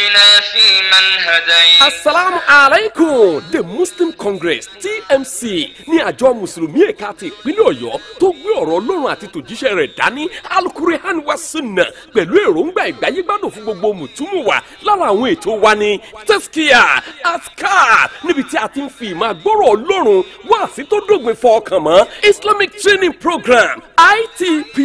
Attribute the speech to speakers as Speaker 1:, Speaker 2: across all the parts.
Speaker 1: الذين فيمن asalaamu aleykum the muslim congress tmc ní àjọ mùsùlùmí ẹ̀ka ti ìpínlẹ̀ ọ̀yọ́ tó gbé ọ̀rọ̀ ọlọ́run àti tòjíṣẹ́ rẹ̀ dání alukurihan wa sunna pẹ̀lú èròǹgbà ìgbáyégbádùn fún gbogbo mùtúmùwà lára àwọn ètò wa ní tẹ́síkìá askar níbi tí a ti ń fi ìmọ̀ àgbọ̀rọ̀ ọlọ́run wá sí tó dògbìn fọkàn mọ́ islamic training program itp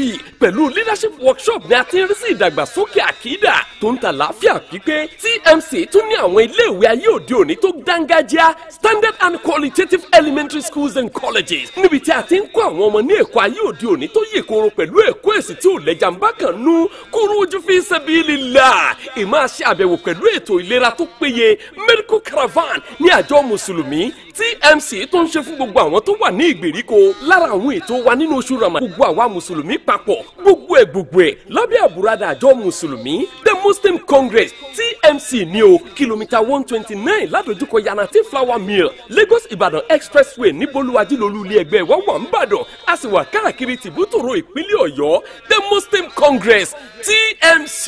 Speaker 1: pẹ̀lú leadership workshop ni a ti ń rí sí ìdàgbàsókè àkídà tó ń tmc NMC tún ní àwọn iléèwé ayé òde òní tó dángájá standard and qualitative elementary schools and colleges níbi tí a ti ń kọ́ àwọn ọmọ ní ẹ̀kọ́ ayé òde òní tó yè koro pẹ̀lú ẹ̀kọ́ èsì tí ò lẹ́jà ń bá kàn nú kúrú ojú fi sabilillah ìmáa ṣe àbẹ̀wò pẹ̀lú ètò ìlera tó péye medical caravan ní àjọ mùsùlùmí TMC tó ń ṣe fún gbogbo àwọn tó wà ní ìgbèríko lára àwọn ètò wa nínú oṣù Ramadan gbogbo àwa mùsùlùmí papọ̀ gbogbo ẹ̀ gbogbo ẹ̀ lábẹ́ àbúradà àjọ mùsùlùmí d muslim congress tmc ní o kìlómítà one twenty nine ládojúkọ yanati flower mill lagos Ibadan expressway níbolúwájú lolú ilé ẹgbẹ́ wa wà ń bàdàn a sì wà káàkiri tìbútòrò ìpínlẹ̀ ọ̀yọ́ the muslim congress tmc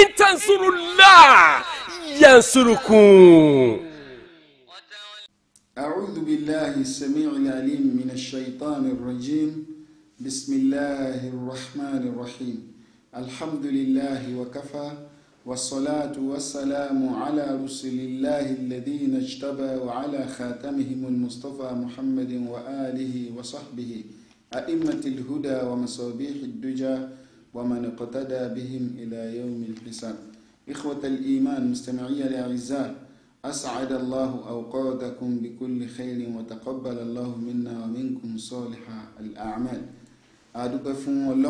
Speaker 1: intansurula yansurukun.
Speaker 2: أعوذ بالله السميع العليم من الشيطان الرجيم بسم الله الرحمن الرحيم الحمد لله وكفى والصلاة والسلام على رسل الله الذين اجتبى وعلى خاتمهم المصطفى محمد وآله وصحبه أئمة الهدى ومصابيح الدجى ومن اقتدى بهم إلى يوم الحساب إخوة الإيمان مستمعي الأعزاء أسعد الله أوقاتكم بكل خير وتقبل الله منا ومنكم صالح الأعمال أدوك فون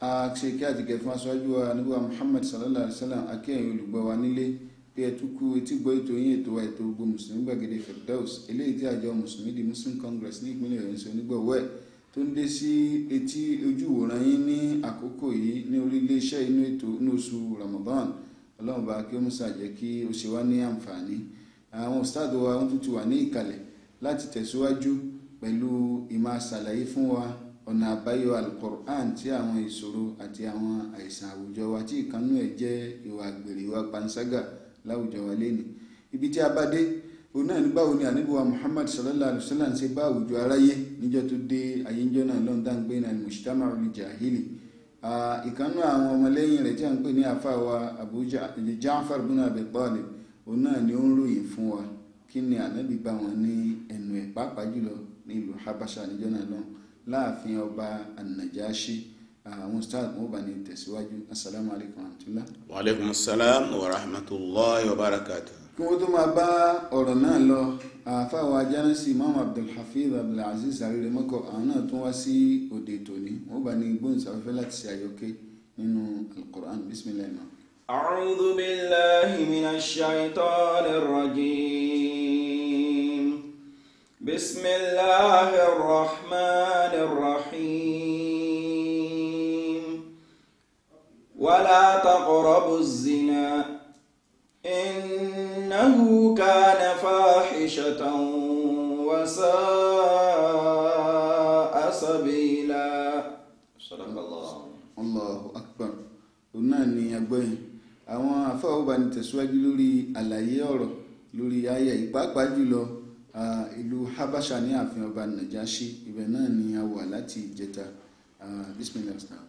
Speaker 2: a ṣe kí àtìkẹ́ aṣáájú wa nígbà Muhammad sallallahu alayhi wa sallam akẹ́yìn olùgbọ́ wa nílé pé ẹ tún kú etí gbọ́ ètò yín ètò wa ètò gbogbo mùsùlùmí gbàgede Firdaus eléyìí tí àjọ mùsùlùmí di Muslim Congress ní ìpínlẹ̀ Ọ̀yọ́ ń ṣe onígbọ̀wọ́ ẹ̀ tó ń dé sí etí ojú ìwòran yín ní àkókò yìí ní orí iléeṣẹ́ inú ètò inú oṣù Ramadan Ọlọ́run bá kí ó mú sàjẹ́ kí ó ṣe wá ní àǹfààní àwọn ustaadu wa wọ́n tún ti wà ní ìkàlẹ̀ láti tẹ̀síwájú pẹ̀lú ìmọ̀ àṣàlàyé fún wa ọ̀nà àbáyọ alukur'an tí àwọn ìṣòro àti àwọn àìsàn àwùjọ wa tí ìkànnú ẹ̀ jẹ́ ìwà àgbèrè ìwà panṣágà láwùjọ wa lẹ́nu ibi tí a bá dé òun náà ní báwo ni àníbùwà muhammad sallallahu alayhi wa sallam ṣe bá àwùjọ aráyé níjọ́ tó dé ayéńjọ́ náà lọ́n dá ń gbé náà mùsítàmà ọ̀rìn jahili ìkànnú àwọn ọmọlẹ́yìn rẹ̀ tí a ń pè ní àfàwà abu jaafar bin abi talib òun náà ni ó ń ròyìn fún wa kí ni ànábì bá wọn ní ẹnu habasha níjọ́ náà lọ́n láàfin ọba anajashi àwọn ustaz mo bá ní tẹ̀síwájú asalaamu alaykum wa rahmatulah.
Speaker 3: wa aleykum salaam wa rahmatulah wa barakatu.
Speaker 2: kí wọ́n tó máa bá ọ̀rọ̀ náà lọ àfáwọn ajánásí imam abdulhafiz abdulaziz ariremako àwọn náà tún wá sí òde tòní wọ́n bá ní gbóhùnsáfẹ́fẹ́ láti ṣe àyọkẹ́ nínú alukur'an bisimilayi.
Speaker 4: a'udhu billahi minash shaitanir rajim. بسم الله الرحمن الرحيم ولا تقربوا الزنا إنه كان فاحشة وساء سبيلا صدق الله
Speaker 2: الله أكبر قلنا أني أبوي àwọn afáwọ́ bá ní tẹ̀síwájú lórí àlàyé ọ̀rọ̀ lórí ayẹyẹ ìpápá jùlọ ìlú habasha ní ààfin ọba najashi ibẹ̀ náà ni a wà láti ìjẹta bismillah star.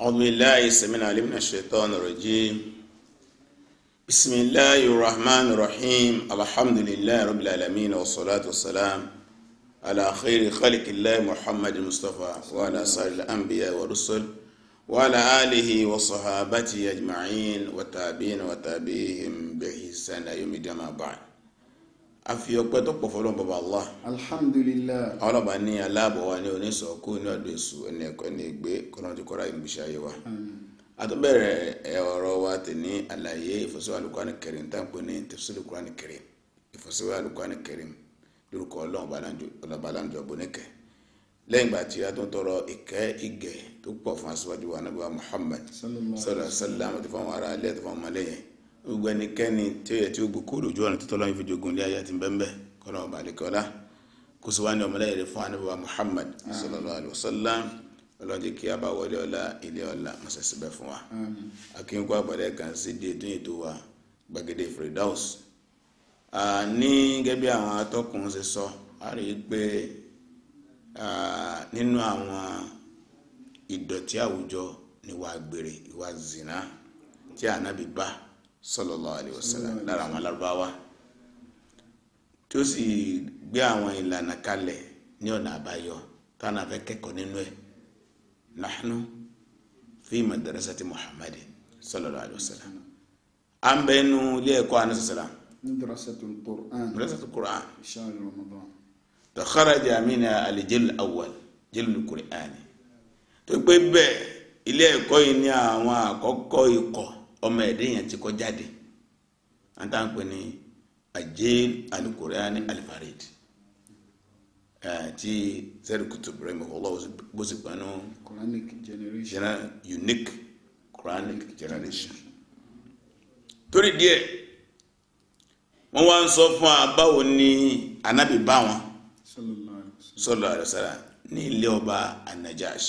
Speaker 3: أعوذ بالله السميع العليم من الشيطان الرجيم بسم الله الرحمن الرحيم الحمد لله رب العالمين والصلاة والسلام على خير خلق الله محمد المصطفى وعلى سائر الأنبياء والرسل وعلى آله وصحابته أجمعين وتابعين وتابعيهم بإحسان يوم الجمعة بعد a fi ọpẹ́ tó pọ̀ fọ́lọ́run baba Allah.
Speaker 2: alhamdulillah.
Speaker 3: àwọn ọba ní aláàbọ̀ wa ní oníṣọ kó ní ọdún èso ẹni ẹ̀kọ́ ẹni ìgbé kọ́nà ti kọ́ra ìgbésí ayé wa. àtúbẹ̀rẹ̀ ọ̀rọ̀ wa ti ní àlàyé ìfọ̀síwá Al-Qur'an Karim tá à ń pè ní tafsir Al-Qur'an Karim ìfọ̀síwá Al-Qur'an Karim lórúkọ ọlọ́run balanjọ tó pọ̀ fún aṣíwájú wa Ànábì sallallahu alaihi wasallam àti fún àwọn ará alẹ́ fún ọmọlẹ́yìn gbogbo ẹnikẹ́ni tí ó yẹ tí ó gbòkó lójú ọ̀nà títọ́ lọ́yìn fi jogun ilé ayé àti bẹ́ńbẹ́ kọ́nà ọba àlekọ́lá kó sì wá ní ọmọlẹ́yìn rẹ̀ fún anábọ̀wá Muhammad sallallahu alaihi wasallam ọlọ́jẹ́ kí a bá wọlé ọlá ilé ọlá mọ̀sẹ̀sẹ̀ bẹ́ fún wa akínkú àgbàdo kan sí di ètò ètò wa gbàgede Firdaus ní gẹ́gẹ́ àwọn atọ́kùn ṣe sọ a rí i pé nínú àwọn ìdọ̀tí àwùjọ ni wàá gbèrè ìwà zina tí ànábì bá sallallahu alayhi wa sallam lára àwọn alárúbáwá tí ó sì gbé àwọn ìlànà kalẹ̀ ní ọ̀nà àbáyọ táwọn afẹ́ kẹ́kọ̀ọ́ nínú ẹ̀ nahnu fi madrasati muhammadin sallallahu alayhi wa sallam à ń bẹ nu ilé ẹ̀kọ́ anasasala. madrasatul qur'an madrasatul qur'an. shahri ramadan. takharaja mina alijil tó gbé bẹ́ẹ̀ ilé ẹ̀kọ́ yìí ní àwọn àkọ́kọ́ ikọ̀ ọmọ ẹ̀dẹ́ yẹn ti kọ́ jáde à ń tà ń pè ní ajel alukurani alifarid ti zero kutub rahim allah bó sì panu quranic generation unique quranic generation torí díẹ̀ wọ́n wá ń sọ fún wa báwo ni anabi bá wọn sọlọ àdàsára ní ilé ọba anajash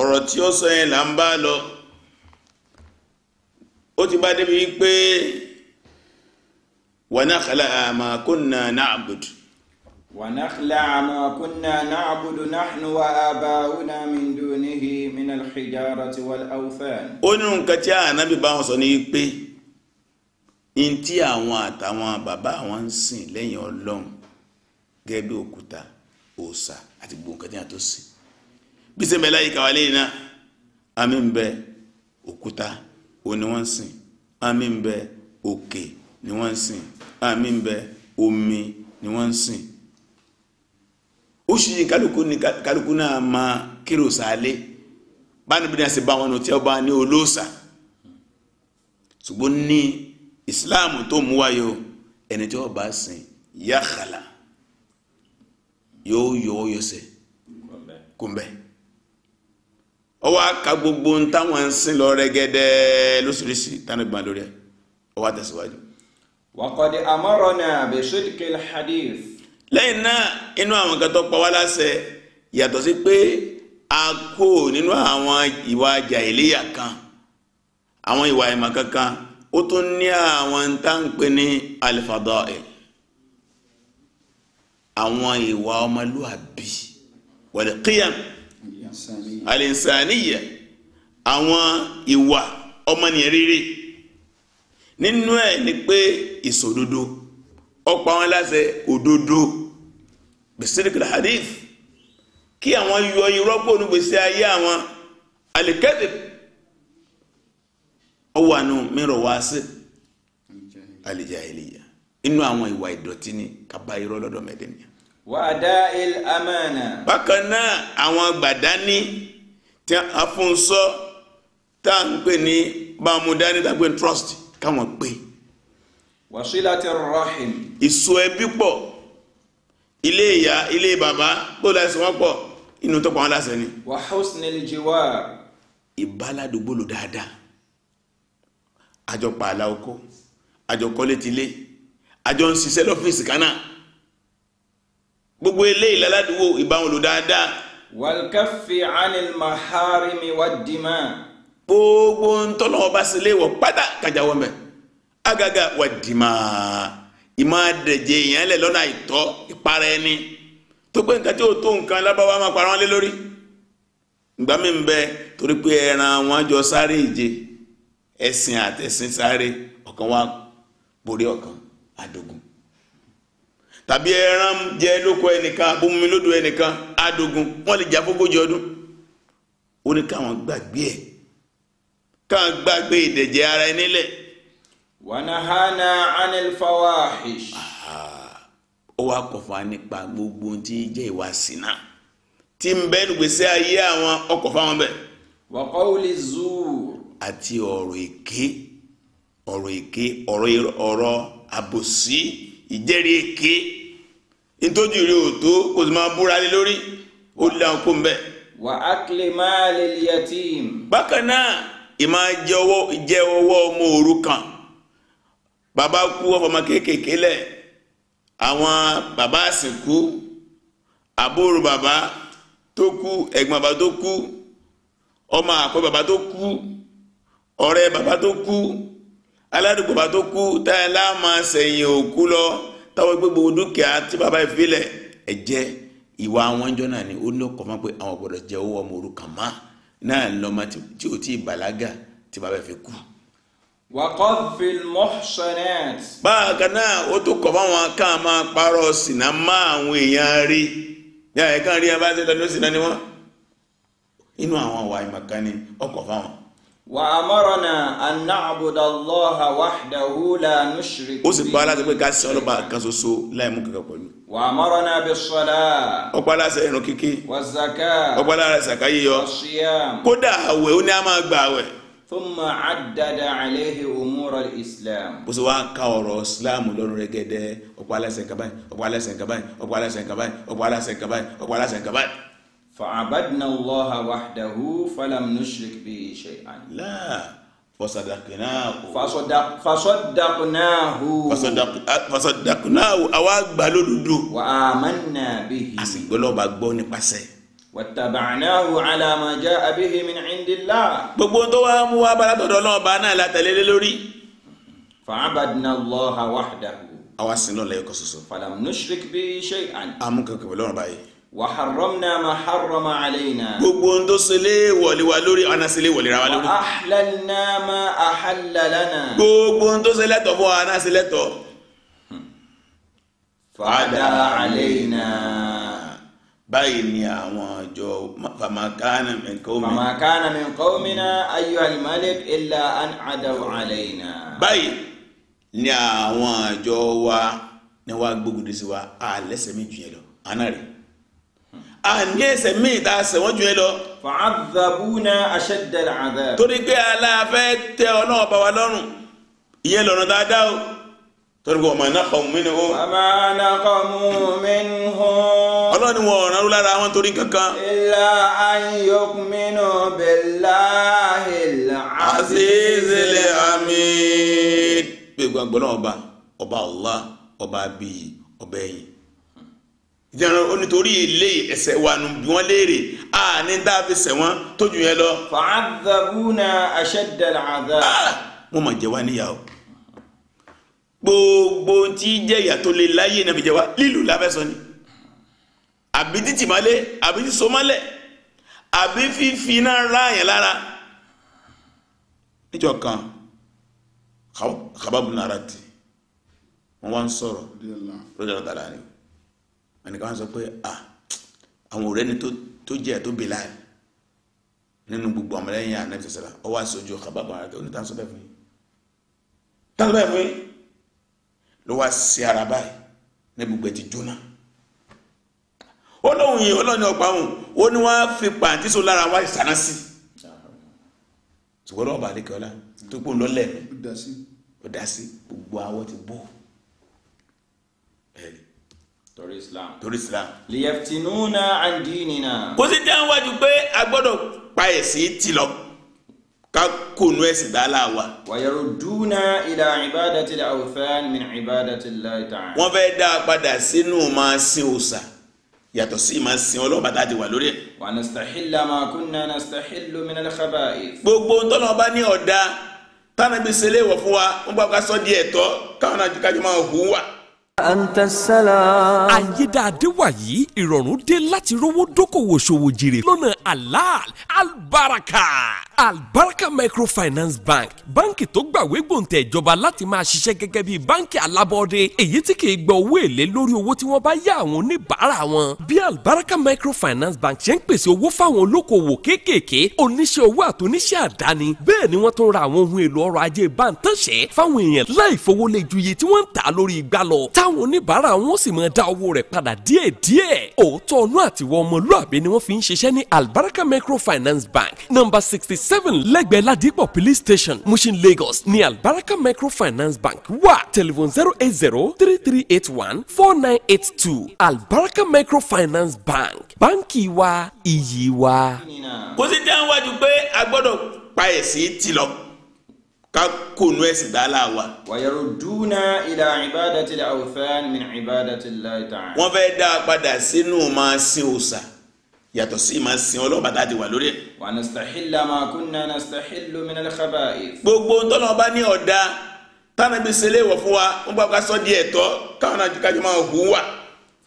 Speaker 3: ọ̀rọ̀ tí ó sọ yẹn là ń bá lọ ó ti bá débi pé wa nakhla'a ma kunna na'budu
Speaker 4: ونخلع ما كنا نعبد نحن وآباؤنا من دونه من الحجارة والأوثان
Speaker 3: ó ní nǹkan tí ànábì bá wọn sọ ní pé in tí àwọn àtàwọn bàbá àwọn ń sìn lẹ́yìn ọlọ́run gẹ́gẹ́ bí òkúta òòṣà àti gbogbo nǹkan tí a tó sìn bí sẹ́mi ẹ̀láyìí kàwálé náà àmì ń bẹ òkúta òun ni wọ́n ń sìn àmì ń bẹ òkè ni wọ́n ń sìn àmì ń bẹ omi ni wọ́n ń sìn ó ṣe kálukú ní kálukú náà máa kérosàálé báni bíi ẹsẹ̀ bá wọn tí ó ní olóòṣà ṣùgbọ́n ní ìsìláàmù tó mú wáyé o ẹni tí wọ́n bá sìn yàkàlà yóò yọ ọ́ yọsẹ̀ kúnbẹ́ ó wá ka gbogbo ń táwọn ń sìn lọ rẹ́gẹ́dẹ́ lóṣìṣì tánà gbọ́n lórí ẹ̀ ó wá tẹ̀síwájú.
Speaker 4: waqad amarna bi sidqil
Speaker 3: hadith. lẹ́yìn náà inú àwọn kan tó pa wá láṣẹ yàtọ̀ sí pé a kó nínú àwọn ìwà jàìlíyà kan àwọn ìwà ìmọ̀ kankan ó tún ní àwọn táǹpé ní al-fada'il àwọn ìwà ọmọlúwàbí wal qiyam alinsaniya àwọn ìwà ọmọnìyàn rere nínú ẹ̀ ni pé ìṣòdodo ọ̀pọ̀ àwọn aláṣẹ òdodo bisidikil hadith kí àwọn yọ irọ́ kó onígbèsè ayé àwọn alikẹ́dẹ̀ ọwọ́ àánú mìíràn wá sí alijahiliya inú àwọn ìwà ìdọ̀tí ni kaba irọ́ lọ́dọ̀ mẹ́dẹ̀ẹ́nìyà
Speaker 4: wàdà il amana. bákan náà
Speaker 3: àwọn gbàdání tí a fún sọ tá à ń pè ní bámudání tá à ń pè ní trust káwọn pè. wàsílà ti
Speaker 4: rahim.
Speaker 3: ìso ẹbí pọ̀ ilé ìyá ilé bàbá kó láìsàn wọn pọ̀ inú tó pa wọn láṣẹ ni. wà husnil jiwar. ìbáládùgbò lò dáadáa àjọpọ̀ àlà oko àjọkọ́lé àjọ ń ṣiṣẹ́ lọ́fíìsì kan náà gbogbo eléyìí ládùúgbò ìbáwọn lò dáadáa.
Speaker 4: wàlkàfì anil maharimi wà dìímà. gbogbo ntọ́lọ́wọ́ bá sílé wọ̀
Speaker 3: pátá kàjà wọ̀ mẹ́ agaga wà dìímà ìmọ̀ àdẹ̀jẹ̀ èèyàn lẹ̀ lọ́nà àìtọ́ ìpara ẹni tó pé nǹkan tí ó tó nǹkan lábáwá máa para wọn lé lórí ìgbà mi ń bẹ torí pé ẹran wọn jọ sáré ìje ẹ̀sìn àtẹ̀sìn sáré ọ̀kan wá borí ọ̀kan àdógún tàbí ẹran jẹ lóko ẹnìkan abomi lódò ẹnìkan adogun wọn lè jà fógójì ọdún ó ní káwọn gbàgbé ẹ káwọn gbàgbé ìdẹ̀jẹ̀
Speaker 4: ara ẹni lẹ̀. wànàhánà anilfawahish.
Speaker 3: ó wàá kọfà nípa gbogbo ohun tí jẹ́ ìwà sínà tí ń bẹ́ẹ̀ nùgbèsè ayé àwọn ọkọ̀ fáwọn bẹ́ẹ̀. wa qawli zuur. àti ọ̀rọ̀ èké ọ̀rọ̀ èké ọ̀rọ̀ àbòsí ìjẹ́rìí èké ntójú rẹ ò tó kò sì máa búra lé lórí ó lé àwọn kó ń bẹ. wà á kílè máa lè lè yàtí. bákan náà ìmọ̀ jẹ́ ọwọ́ ọmọ òrukàn bàbá kú ọmọ kéékèèké lẹ̀ àwọn bàbá àsìnkú àbúrò bàbá tó kú ẹ̀gbọ́n bàbá tó kú ọmọ àpẹ bàbá tó kú ọ̀rẹ́ bàbá tó kú aládùúgbò bàbá tó kú táyà láàmà sẹ̀yìn òkú lọ táwọn gbé gbogbo dúkìá tí bàbá ìfilẹ̀ ẹ̀jẹ̀ ìwà àwọn jọ náà ni ó lọ́kọ̀ mọ́ pé àwọn gbọ́dọ̀ jẹ owó ọmọ òrukàn má náà lọ́mọ tí ò tí bàlágà tí bàbá ìfẹ́ kú.
Speaker 4: waqadhfil muhsanat. bákan náà ó tún kọ̀ fáwọn
Speaker 3: ká máa parọ́ sìnà má àwọn èèyàn rí bí àyíká rí abájẹ́ lọ́dún sìnà ni wọ́n inú àwọn àwa ìmọ̀kan ọkọ̀ fáwọn
Speaker 4: وأمرنا أن نعبد الله وحده لا نشرك به. ó
Speaker 3: sì pa aláṣẹ pé ká sin ọlọ́ba kan ṣoṣo láì mú kankan pẹ̀lú.
Speaker 4: وأمرنا بالصلاة.
Speaker 3: ó pa aláṣẹ irun kíkí.
Speaker 4: والزكاة. ó
Speaker 3: aláṣẹ sàká yíyọ.
Speaker 4: والصيام.
Speaker 3: kódà àwẹ̀ ó ní a máa gba àwẹ̀.
Speaker 4: ثم عدد عليه أمور الإسلام.
Speaker 3: bó ṣe wá ka ọ̀rọ̀ islam lọ́rùn rẹ̀ gẹ́dẹ́ ó aláṣẹ nǹkan
Speaker 4: فعبدنا الله وحده فلم نشرك به شيئا لا فصدقناه فصدق فصدقناه فصدقناه àwa
Speaker 3: وآمنا به a sì gbọ́ lọ́ba واتبعناه
Speaker 4: على ما جاء به من عند الله.
Speaker 3: gbogbo tó wá mú wá bára tọ̀dọ̀
Speaker 4: فعبدنا الله وحده.
Speaker 3: àwa sìn lọ́la
Speaker 4: فلم نشرك به شيئا. amú kankan pẹ̀lú wàhárọ́mùnà máa hárọ́mà àlẹ́yìnà.
Speaker 3: gbogbo ohun tó ṣẹlẹ̀ wọ̀lé wa lórí ọ̀nà ṣẹlẹ̀ wọ̀lé ra wa lórí.
Speaker 4: àhàlànà máa àhàlàlànà.
Speaker 3: gbogbo ohun tó ṣẹlẹ̀ tọ̀ fún ọ̀nà ṣẹlẹ̀ tọ̀. fàdà àlẹ́yìnà. báyìí ni àwọn ọjọ́ famakana mẹ́kọ́mìnà. famakana
Speaker 4: mẹ́kọ́mìnà ayọ̀ alimalik ilà an adaw àlẹ́yìnà. báyìí
Speaker 3: ni àwọn àjọ wa ni wàá gbógun dé sí wa àlẹ́sẹ̀ méjì yẹn lọ àná a ní ẹ̀ṣẹ̀ míì tá a ṣẹ̀ wọ́n jù yẹn lọ. fa'adhabuna
Speaker 4: ashadda al'adhab.
Speaker 3: torí pé aláfẹ́ tẹ ọlọ́ọ̀bá wa lọ́rùn ìyẹn lọ́nà dáadáa o torí pé wa ma naqamu minhum. wa ma
Speaker 4: naqamu minhum. ọlọ́ni wọn ọ̀ràn ló lára wọn torí kankan. illa an yu'minu billahil azizil
Speaker 3: hamid. gbẹ̀gbọ́n ọba ọba Allah ọba abiyi ọba ẹ̀yìn jẹrun onítorí ilé ẹsẹ wa nù bí wọn léèrè a ní tá a fi ṣẹ̀ wọ́n tójú yẹn lọ. fa'adhabuna ashadda al'adhab. wọn ah, máa jẹ wá níyàwó gbogbo tí jẹ́ ìyà lè láyé náà jẹ wá lílù láfẹsọ ni àbí títì mọ́lẹ̀ àbí sísọmọ́lẹ̀ àbí fífi náà ráàyàn lára níjọ́ kan Khabbab bin Arat wọ́n wá ń sọ̀rọ̀ lójú ọ̀nà tààrà ni ẹnìkan sọ pé ah àwọn ọ̀rẹ́ ni tó jẹ́ tó bèlà nínú gbogbo ọmọlẹ́yìn ànábì sọ̀sọ̀rọ̀ ọ wá sójú kábàbọ̀ ara rẹ̀ onítàn sọ bẹ́ẹ̀ fún yín tán bẹ́ẹ̀ fún yín ló wá sí ara báyìí ní gbogbo ẹ̀ ti jóná ó lóun yìí ọlọ́ni ọgbà òun ó ní wọ́n á fi pàǹtí so lára wá ìsáná sí ṣùgbọ́n ọba àdékọ́lá tó kó ń lọ́lẹ̀ mi ó dá sí gbogbo awọ ti bó o
Speaker 4: torí islam. torí islam. liyaftinuna an dinina. kó sì dá wájú
Speaker 3: pé a gbọ́dọ̀ pa ẹ̀sìn tì lọ ká kónú ẹ̀sìn gbàlà wa.
Speaker 4: wayaruduna ila ibadati al-awthan min ibadati Allahi ta'ala.
Speaker 3: wọ́n fẹ́ dá a padà sínú máa sin òòṣà yàtọ̀ sí máa sin ọlọ́ba tá a ti wà lórí ẹ̀. wa nastahilla
Speaker 4: ma kunna nastahillu min al-khaba'ith.
Speaker 3: gbogbo ntọ́nà ọba ní ọ̀dà tánàbí ṣẹlẹ̀ wọ̀ fún wa wọ́n bá ká
Speaker 1: àyédáadé wàyí ìrọ̀rùn dé láti rówó dókòwò ṣòwò jèrè lọ́nà halal albaraka albaraka microfinance bank báǹkì tó gbàwé gbòǹtẹ̀ ìjọba láti máa ṣiṣẹ́ gẹ́gẹ́ bí báǹkì alábọ́ọ́dé èyí tí kì í gba owó èlé lórí owó tí wọ́n bá yá àwọn oníbàárà wọn. bí albaraka microfinance bank ṣe ń pèsè owó fáwọn olókoòwò kéékèèké oníṣẹ́ owó àtúnṣe àdáni bẹ́ẹ̀ ni wọ́n tún ra àwọn ohun èlò ọrọ̀ ajé bántánṣẹ́ fáwọn èèyàn láì fowó lé ju iye tí wọ́n ń tà lórí igbá lọ táwọn oníbàárà wọn sì máa dá owó rẹ̀ padà díẹ̀díẹ̀ òótọ́ ọ̀nà àtiwọ́ ọmọlúàbí ni wọ́n fi ń ṣiṣẹ́ ní albaraka microfinance bank number sixty seven lẹ́gbẹ̀ẹ́ ladipo police station mushin lagos ní albaraka microfinance bank wà telephone zero eight zero three three eight one four nine eight two albaraka microfinance bank báńkì wa iyì wa.
Speaker 4: kò sí dáhùn wájú pé a gbọ́dọ̀ pa ẹ̀sìn tì lọ ká kónú ẹ̀sìn gbàlà wa. wàyẹ̀rù dúnà ìlà ìbádàtì àwòfẹ́ min ìbádàtì láìtàn.
Speaker 3: wọ́n fẹ́ dá a padà sínú máa sin òòṣà yàtọ̀ sí máa sin ọlọ́ba
Speaker 4: tá a ti wà lórí ẹ̀. wà nàstàhílà máa kunna nàstàhílù min al-khaba'ith.
Speaker 3: gbogbo ntọ́nà ní ọ̀dà tánàbí sẹlẹ̀ wọ̀ fún wa wọ́n bá ká sọ́ di ẹ̀tọ́ káwọn àjùkájọ máa hùwà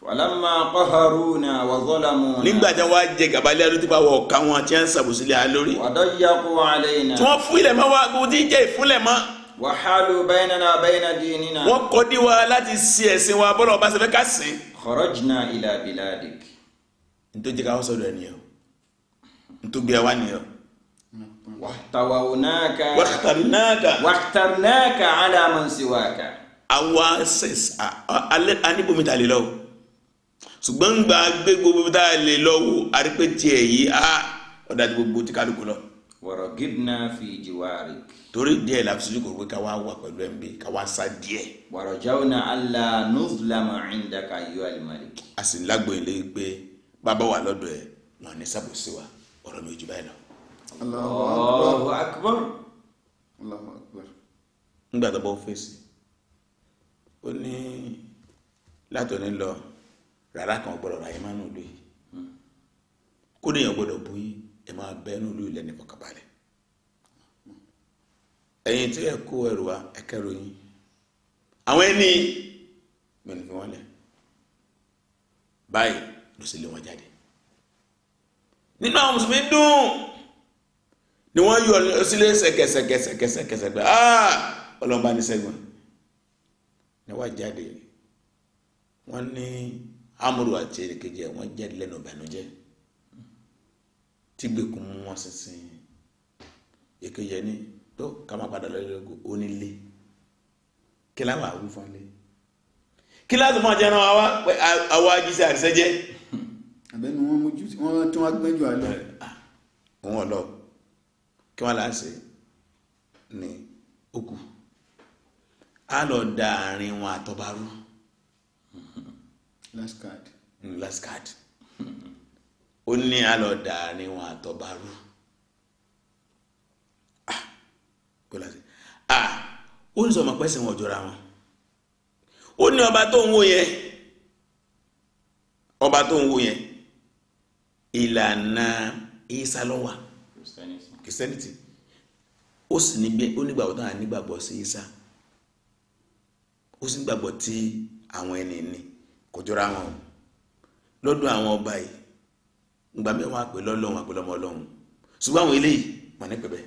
Speaker 4: falamma qaharuna wa zalamuna. nígbà
Speaker 3: tí wọ́n á jẹ gàbálẹ́ ló ti bá wọ̀ ká wọn tí wọ́n ń sàbòsílẹ̀ á lórí. wa
Speaker 4: dayyaqu alayna. tí wọ́n fún ilẹ̀ mọ́ wa kò tí ì jẹ́ ìfúnlẹ̀ mọ́. wa halu baynana wa bayna dinina. wọ́n
Speaker 3: kọ́ di wa láti sin ẹ̀sìn wa bọ́lá ọba sẹ́fẹ́ ká
Speaker 4: sìn. kharajna ila biladik. nítorí jẹ́ ká wọ́n sọ̀rọ̀ ẹ̀nìyàn nítorí wa nìyàn. wàhtàwáwùnáka. wàhtàrnáka. wàhtàrnáka ala man
Speaker 3: siwaka. àwa alẹ́ aníbomi tà ṣùgbọ́n gba gbé gbogbo tá a lè lọ wò arípé tiẹ̀ yìí gbogbo ti kálukú lọ. wọ̀rọ̀ gidna fi jiwari. torí díẹ̀ la fi sojú kòkòrò ká wá wà pẹ̀lú ẹ̀ ká wá sá díẹ̀. wọ̀rọ̀ jáwọ́nà allah nuzlama a sì lágbo ilé pé wà lọ́dọ̀ ẹ̀ náà ní wa ọ̀rọ̀ mi ò jù báyìí lọ. rárá kan gbọ́dọ̀ ra yín máa nù lóyè kó lè yàn gbọ́dọ̀ bu yín ẹ máa bẹ nù lóyè lẹ́ni fọkànbalẹ̀ ẹ̀yin tí ẹ kó ẹrù wa ẹ kẹrù yín àwọn ẹni mẹ́rin fi wọ́n lẹ̀ báyìí ló sì lé wọn jáde nínú àwọn mùsùlùmí dùn ni wọ́n yọ sílé ṣẹ̀kẹ̀ṣẹ̀kẹ̀ṣẹ̀kẹ̀ṣẹ̀ pé ah! ọlọ́mọba ní sẹ́gun ni wọ́n jáde wọ́n ní amúrò àti ẹnìkejì ẹ̀ wọ́n jẹ́ lẹ́nu ìbànújẹ́ tí gbẹ̀kún mú wọn sísìn èkejì ẹni tó ká máa padà lọ́lẹ́lẹ́gùn onílé kí láwọn àwọn fún lé kí láti máa jẹ́ náà wá pé àwọn ajíṣẹ́ àríṣẹ́ jẹ́.
Speaker 2: àbẹ́nu wọn mojú wọn tún wá gbẹ́jọ òun ọ̀lọ́ kí wọ́n láṣẹ ní
Speaker 3: okùn á lọ da àárín wọn àtọ́bárú last card. Mm, last card. ó ní àlọ́dà ni wọn àtọ́ba rú. Ah, ah, ó ní sọ̀mọ̀ pẹ́sìn wọn jọra wọn ó ní ọba tó ń wò yẹn ọba tó ń wò yẹn ìlànà Ìsá ló wà kìsẹ́nìtì ó sì nígbẹ́ ó nígbàgbọ́ tó wà nígbàgbọ́ sí Ìsá ó sì nígbàgbọ́ tí àwọn ẹni ní kò jọra wọn lọ́dọ̀ àwọn ọba yìí ìgbà mẹ́wàá pè lọ́lọ́run àpèlọ́mọ ọlọ́run ṣùgbọ́n àwọn eléyìí wọn ní pẹ̀bẹ́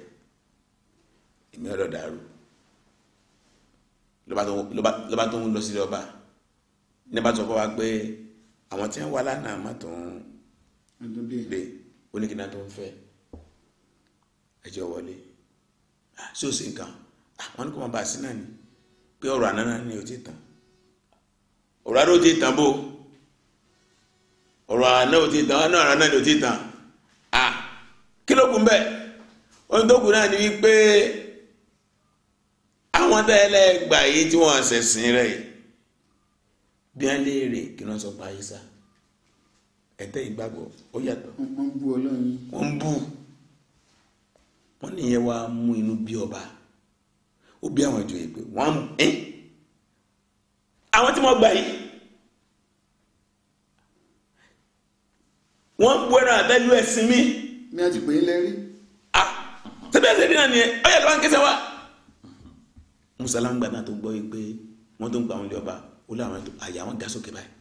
Speaker 3: èmi ọ̀dọ̀ dàrú lọ́ba tó ń lọ sí ọba ní bá tó kọ́ wa pé àwọn tí wọ́n wá lánàá má tó ń dé oníkìnnà tó ń fẹ́ ẹjọ́ wọlé sí ah, òsì nǹkan ah, wọn ní kó máa bá sí náà ni pé ọ̀rọ̀ àná ni ò ti tàn ọ̀rọ̀ àdó ti tàn bó ọ̀rọ̀ àná ò ti tàn ọ̀nà àrà náà ò ti tàn à kí ló kù mbẹ́ ohun tó kù náà ni wípé àwọn tẹ́lẹ̀ gbà yìí tí wọ́n ṣẹ̀sìn rẹ̀ bí wọ́n léèrè kí wọ́n sọ pa ayíṣà ẹ̀tẹ́ ìgbàgbọ́ ó yàtọ̀
Speaker 2: wọ́n bú ọlọ́run
Speaker 3: wọ́n bú wọ́n nìyẹn wàá mú inú bí ọba ó bí àwọn ìjòyè pé wọ́n ń àwọn tí mo gbà yìí wọ́n wẹ́ràn àbẹ́lú ẹ̀sìn mi.
Speaker 2: mi a ti pè é lẹ́rí. ah sẹ́bẹ̀ ẹ̀sẹ̀ dínà nìyẹn ó yẹ lọ́wọ́ ń kẹsẹ̀ wá.
Speaker 3: musalangba náà tó gbọ́ yìí pé wọ́n tó ń gba àwọn ilé ọba ó láwọn ètò àyà wọn ga sókè báyìí.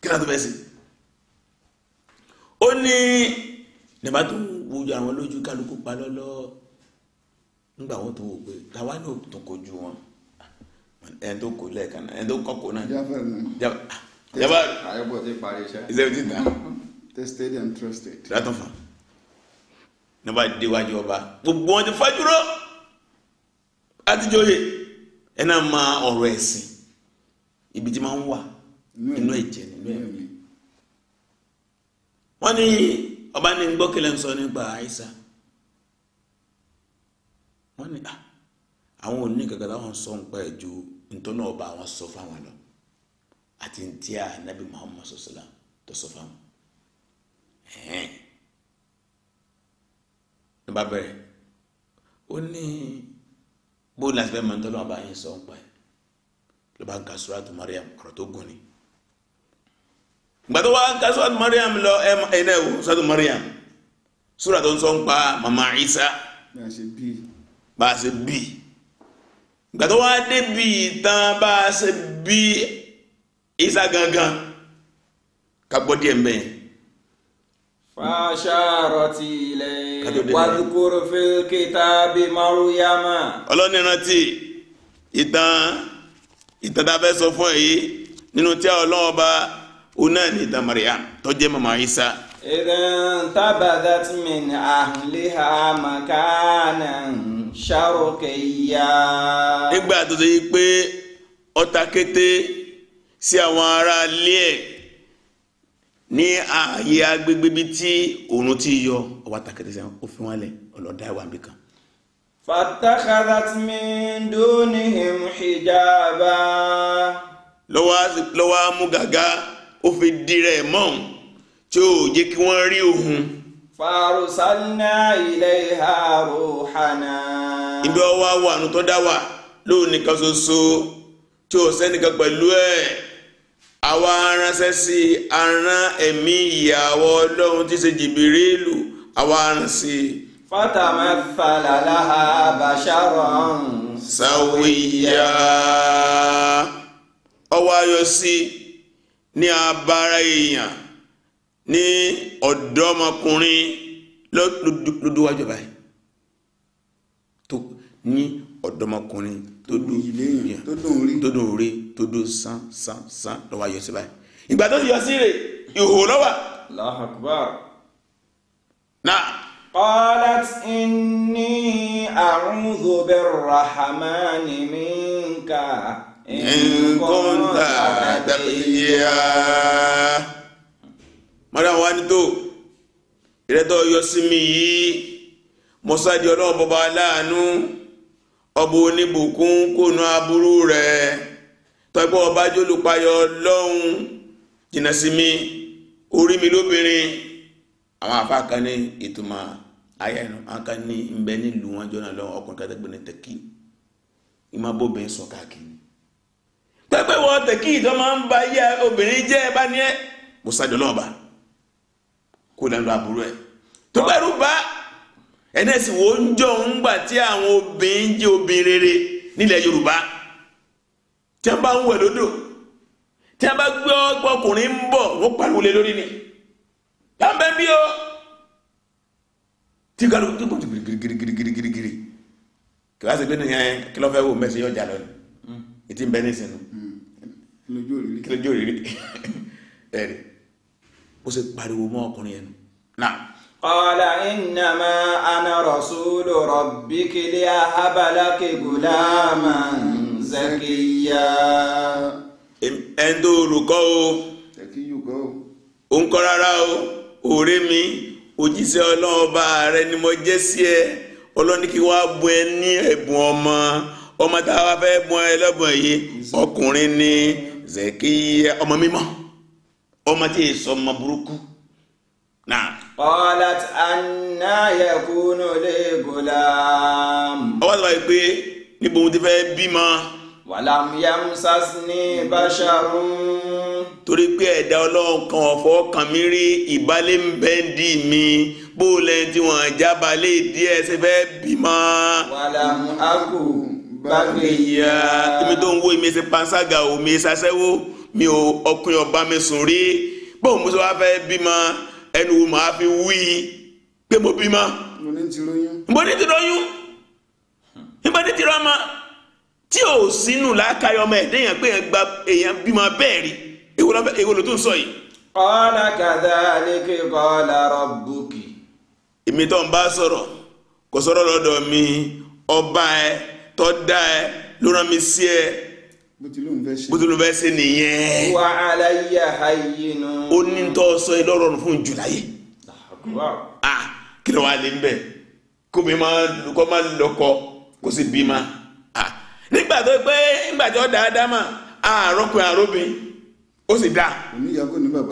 Speaker 3: kí ló tó fẹ́ sí i ó ní nígbà tó ń wojú àwọn lójú kálukú pa lọ́lọ́ ngba wọn tó wò pé làwa ló tó kojú wọn ẹni tó kó lẹ́ẹ̀kan náà ẹni tó kọ́ kó náà. jábẹ́ jábẹ́ ayọ́bọ̀ ti parí iṣẹ́. iṣẹ́ ti tà. tested and trusted. látọ̀ fà ní bá déwájú ọba gbogbo wọn ti fajúrọ́ ẹ náà máa ọ̀rọ̀ ẹ̀sìn ibi tí máa ń wà inú ẹ̀jẹ̀ nínú ẹ̀mí. wọ́n ní ọba ní ń sọ nípa àìsàn. wọ́n ní ah, àwọn òní kankan táwọn sọ ń pa ẹ̀ ju ntọ́nà ọba àwọn sọ fáwọn lọ àti ntí a nabi muhammad sọsọlá tó sọ fáwọn ẹ̀ẹ́n ní bá bẹ̀rẹ̀ ó ní bóòlù àti bẹ́ẹ̀ mọ̀ ntọ́nà ọba yẹn sọ ń pa ẹ̀ ló bá ń ka suratu mariam ọ̀rọ̀ tó gùn ni gbàtọ́ wa ń ka suratu mariam lọ ẹ̀ ẹ̀ náà wò suratu mariam sura tó ń sọ ń pa mama isa. bí a ṣe bí bá a ṣe bí ìgbà tó wá débi ìtàn bá a ṣe bí Ìsá gangan ká gbọ́ díẹ̀ mbẹ́ yẹn.
Speaker 4: فأشارت إليه واذكر في الكتاب مريم ọlọ́ni rántí ìtàn
Speaker 3: ìtàn tá a fẹ́ sọ fún ẹ yìí nínú tí a ọlọ́wọ́ bá oná ní ìtàn Maryam tó jẹ́ màmá
Speaker 4: Ìsá. إذ انتبذت من أهلها مكانا ṣàròkèyà. nígbà
Speaker 3: tó ṣe yí pé ọta kété sí àwọn ará ilé ẹ̀ ní ààyè agbègbè bíi tí òun ti yọ ọwọ́ ta kété sí àwọn wọn lẹ̀ ọlọ́dà ìwà mi kan.
Speaker 4: fàtàkàràt min dunihim hijaba. lọ́wọ́ á mú gàgá ó fi dirẹ̀ mọ́
Speaker 3: tí ó jẹ́ kí wọ́n rí òun farusalna ilayha
Speaker 4: ruhana.
Speaker 3: ibi ọwọ́ awọ àánú tó dá wà lóun nìkan ṣoṣo tí ò sẹ́nìkan pẹ̀lú ẹ̀ àwa aránṣẹ́ sí arán ẹ̀mí ìyàwó ọlọ́run tí ṣe jìbìrìlù àwa arán sí i.
Speaker 4: fatamathala basharan
Speaker 3: sawiya. ọwọ́ ayọ̀ sí ní abara èèyàn ní ọ̀dọ́mọkùnrin lọ́dúnwájú báyìí tó ní ọ̀dọ́mọkùnrin tó dún orí tó dún sán sán sán lọ́wọ́ ayọ̀ sí ìgbà tó ti yọ sí rè ìhò lọ́wà.
Speaker 4: Allahu Akbar. قالت إني أعوذ بالرحمن منك إن كنت
Speaker 3: تقيا mariam wá ní tó ìrẹ́tọ́ yọ sí mi yìí mo ọlọ́run bọba aláàánú ọba oníbùkún kónú aburú rẹ̀ tọ́gbọ́ ọba jólùpayọ ọlọ́run jìnnà sí mi orí mi lóbìnrin àwọn afa kan ní ìtumọ̀ ayé ẹnu ní nbẹ nílùú wọn ba ayé obìnrin bá ní ẹ kó lẹ́nu àbúrò ẹ̀ tó bẹ̀rù bá ẹni wo ń jọ ń gbà tí àwọn obìnrin jẹ́ obìnrin rere nílẹ̀ Yorùbá tí wọ́n bá ń wẹ̀ lódò tí wọ́n bá gbé ọkùnrin ń bọ̀ wọ́n pariwo lé lórí ni láǹbẹ̀ bí o tí kálù tó kò tó girigirigirigirigiri kí wàá sèpé nìyẹn kí ló fẹ́ wò mẹ́sì yóò jà lọ ètí ń bẹ ní ìsìn nù kí lójú òrìrì ẹ̀rì ó sì pariwo mọ́ ọkùnrin ẹnu
Speaker 4: náà. Qala innama ana rasulu rabbiki li ahaba laki gulaman zakiya. Ẹni tó olùkọ́ o, ò ń kọ́ rárá
Speaker 3: o, ọ̀rẹ́ mi, òjíṣẹ́ ọlọ́run ọba rẹ ni mo jẹ́ sí ẹ, ọlọ́run ní bu ẹ ní ẹ̀bùn ọmọ ọmọ tá a wá fẹ́ bùn ẹ lọ́bùn yìí ọkùnrin ni Zakiya ọmọ mímọ́ ọmọ tí èso ọmọ burúkú
Speaker 4: náà. qalat anna yakunu li gulam. ọwọ́ sọ pé níbo mo ti fẹ́ bímọ. walam yamsasni
Speaker 3: basharun. torí pé ẹ̀dá ọlọ́run kan ọ̀fọ́ kan mi rí ìbálẹ̀ ń bẹ́ dì mí bó lẹ́yìn tí wọ́n jábàálẹ̀ díẹ̀ ṣe fẹ́ bímọ. walam aku bakiya. èmi tó ń wo èmi ṣe panṣágà ò mi ṣaṣẹ́wó mi ò ọkùnrin ọba mi sùn rí bóun mo sọ wá fẹ́ bímọ ẹnu wo màá fi wí pé mo bímọ.
Speaker 2: mo ní ti lóyún.
Speaker 3: mo ní ti lóyún. mo ní ti lọ́mọ tí ò sínú làákàyọ ọmọ ẹ̀dẹ́ yẹn pé èèyàn bímọ bẹ́ẹ̀ rí èwo ló tún sọ yìí. qala kadhalika qala rabbuki. èmi tó ń bá sọ̀rọ̀ kò sọ̀rọ̀ lọ́dọ̀ mi ọba ẹ tó dá ẹ ló rán mi sí ẹ bó ti nìyẹn. ó ní sọ ẹ lọ́rọ̀ fún jùláyé. kí ló wà lé nbẹ kó mi máa kó máa lọkọ kó sì bí ma. nígbà tó pé nígbà tó dáadáa mà àròkùn àròbìn ó sì dá. kò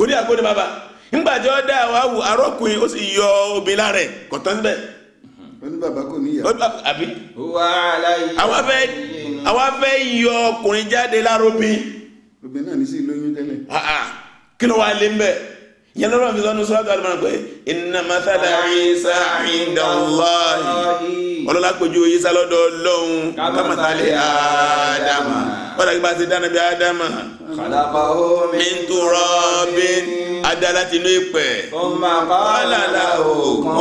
Speaker 3: ní àgbo ní bàbá nígbà yọ obìnrin lára ẹ kò tán ní bàbá kò àbí. àwọn àwa fẹ́ yọ ọkùnrin jáde lárobin
Speaker 2: obìnrin náà ní sí lóyún tẹ́lẹ̀
Speaker 3: kí ló wà lé ń yẹn lọ́rọ̀ fi sọ́nu sọ́ọ́tà ló máa pẹ́ inna mathala Isa inda Allahi ọlọ́lá péjú Isa lọ́dọ̀ Ọlọ́run kamathali Adama ọ̀dà kí bá ti dáná bí Adama khalaqahu min turabin adala ti inú ìpẹ́
Speaker 4: qala lahu
Speaker 3: kun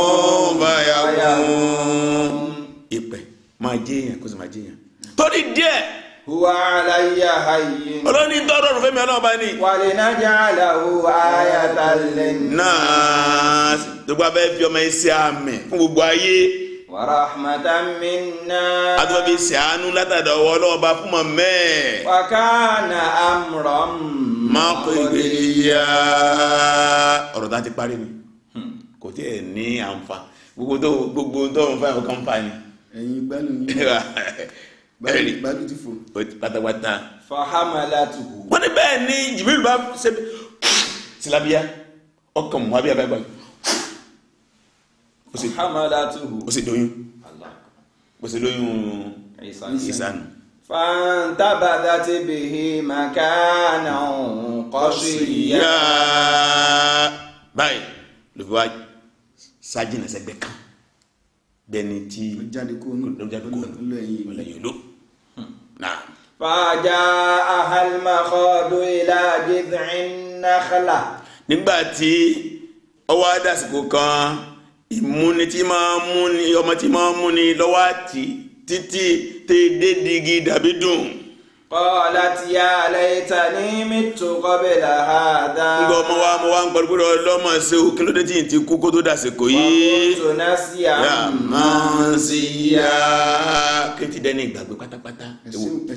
Speaker 3: fayakun ìpẹ́ máa jẹ́ èèyàn kó sì máa jẹ́ èèyàn
Speaker 4: torí díẹ̀. wà á láyà ayé. olórí ń tọrọ rúfẹ́ mi ọlọ́ọ̀bá ni. wàlẹ̀ náà jẹ́ àlàó ayàtà lẹ́nu.
Speaker 3: náà gbogbo abẹ́ fi ọmọ ẹ̀ sí àmì fún gbogbo ayé. Warahmatan
Speaker 4: minna. Adúlọ́ bíi
Speaker 3: sàánú látàdá ọwọ́ ọlọ́ọ̀bá fún mọ̀ mẹ́ẹ̀. Wa kana amran maqdiya. Ọ̀rọ̀ tá a ti parí ni, kò tí ẹ̀ ní àǹfà, gbogbo tó gbogbo tó ń fa ọkàn fa ni. Ẹ̀yin gbẹ́nu ni. ẹ̀rí pátápátá.
Speaker 4: fahamalatuhu. wọ́n ní bẹ́ẹ̀ ni Jibril bá ṣe silabiya ọkàn mu abiyaga gbà. fahamalatuhu.
Speaker 3: ó sì dóyún ó sì dóyún
Speaker 4: ìsànù. فانتبذت به مكانا قصيا báyìí
Speaker 3: ló fi wá sájìnà sẹ́gbẹ̀ kan bẹ́ẹ̀ ni tí ló jáde kó ló lẹ́yìn ló
Speaker 4: fàjá'ahá al-makhadu ila jid'in nakhla.
Speaker 3: nígbà tí ọwọ́ adásìkò kan ìmúni tí máa ń múni ọmọ tí máa ń múni lọ́wọ́ àti títí tẹ́ dé digi dàbí dùn. Qalat ya
Speaker 4: laytani mittu qabla hadha. Ngbọ́ ọmọ
Speaker 3: wa mo wá ń gbọ́ gbọ́dọ̀ lọ́mọ ṣe o kí ló dé tí n ti kú kó tó dàsìkò yìí. Kuntu nasiyan mansiya. Kéntì dẹ́ni ìgbàgbé pátápátá. Ẹ̀sìn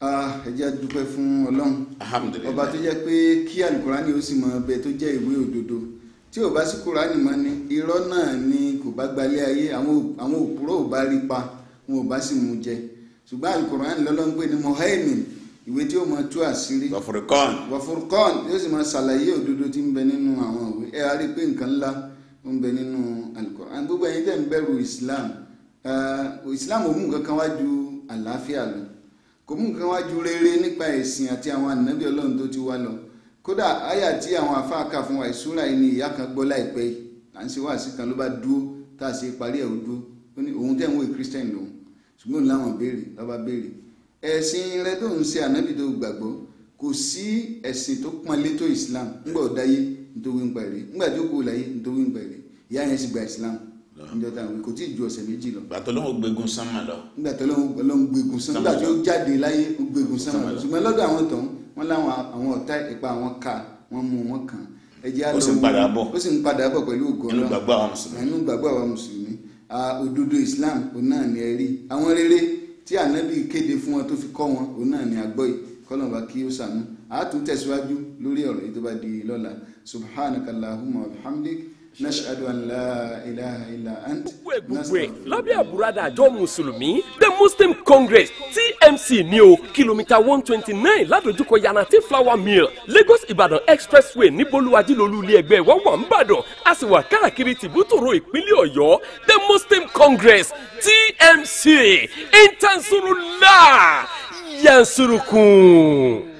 Speaker 2: Ah, ẹ jẹ́ dúpẹ́ fún ọlọ́run alhamdulillah ọba tó jẹ́ pé kí alukurani ó sì mọ ọbẹ̀ tó jẹ́ ìwé òdodo tí ò bá sí kurani mọ́ ni irọ́ náà ni kò bá gbalẹ̀ ayé àwọn òpùrọ́ ò bá rí pa wọn ò bá sì mú jẹ ṣùgbọ́n alukurani lọ́lọ́run pé ni mohaimin ìwé tí ó mọ tú àṣírí wàfúrúkọ́n wàfúrúkọ́n yóò sì mọ ṣàlàyé òdodo tí ń bẹ nínú àwọn òwe ẹ á pé nǹkan ńlá ó ń bẹ nínú alukurani gbogbo ẹ̀yin tẹ́ ń bẹ̀rù islam ah, islam ò mú ju àlàáfíà lọ kò mú nǹkan wá ju rere nípa ẹ̀sìn àti àwọn ànábì ọlọ́run tó ti wá lọ kódà àyà tí àwọn àfáà kà fún wa ìṣúra yìí ni ìyá kan gbọ́ láìpẹ́ là ń ṣe wáàsí kan ló bá dúró tá a ṣe parí ẹ̀ ó dúró ó ní òun tẹ̀ ń wò kírísítẹ́nì lòun ṣùgbọ́n láwọn béèrè lọ́ba béèrè ẹ̀sìn rẹ tó ń ṣe ànábì tó gbàgbọ́ kò sí ẹ̀sìn tó pọn létò Islam ńgbà ọ̀dáyé nítorí ń pẹ̀lẹ́ ńgbà tó kù láyé nítorí ń pẹ̀lẹ́ ìyá yẹn sì gba Islam níjọ́ tá à ń wí kò tí ì ju ọ̀sẹ̀ méjì lọ. gbàtọ́ ló ń gbégun sánmà lọ. gbàtọ́ ló ń gbégun sánmà lọ gbàtọ́ jáde láyé ó gbégun sánmà lọ ṣùgbọ́n lọ́dọ̀ àwọn tọ̀hún wọ́n láwọn àwọn ọ̀tá ìpa àwọn ká wọ́n mú wọn kàn ẹjẹ́ á lọ ó sì ń padà bọ̀ ó sì ń padà bọ̀ pẹ̀lú ògo náà inú gbàgbọ́ àwa mùsùlùmí òdodo Islam òun náà ni ẹ rí àwọn rere tí ànábì kéde fún wọn tó fi kọ́ wọn òun náà ni àgbọ́ yìí kọ́lọ́ba kí ó sànú àá tún tẹ̀síwájú lórí ọ̀rọ̀ nashadu an la ilaha illa
Speaker 1: gbogbo ẹ lábẹ́ àbúradà àjọ mùsùlùmí the muslim congress tmc ní o kìlómítà one twenty nine ládojúkọ yanati flower mill lagos ìbàdàn expressway níbolúwájú lolú ilé ẹgbẹ́ wa wà ń bàdàn a sì wà káàkiri tìbútòrò ìpínlẹ̀ ọ̀yọ́ the muslim congress tmc intansurula yansurukun.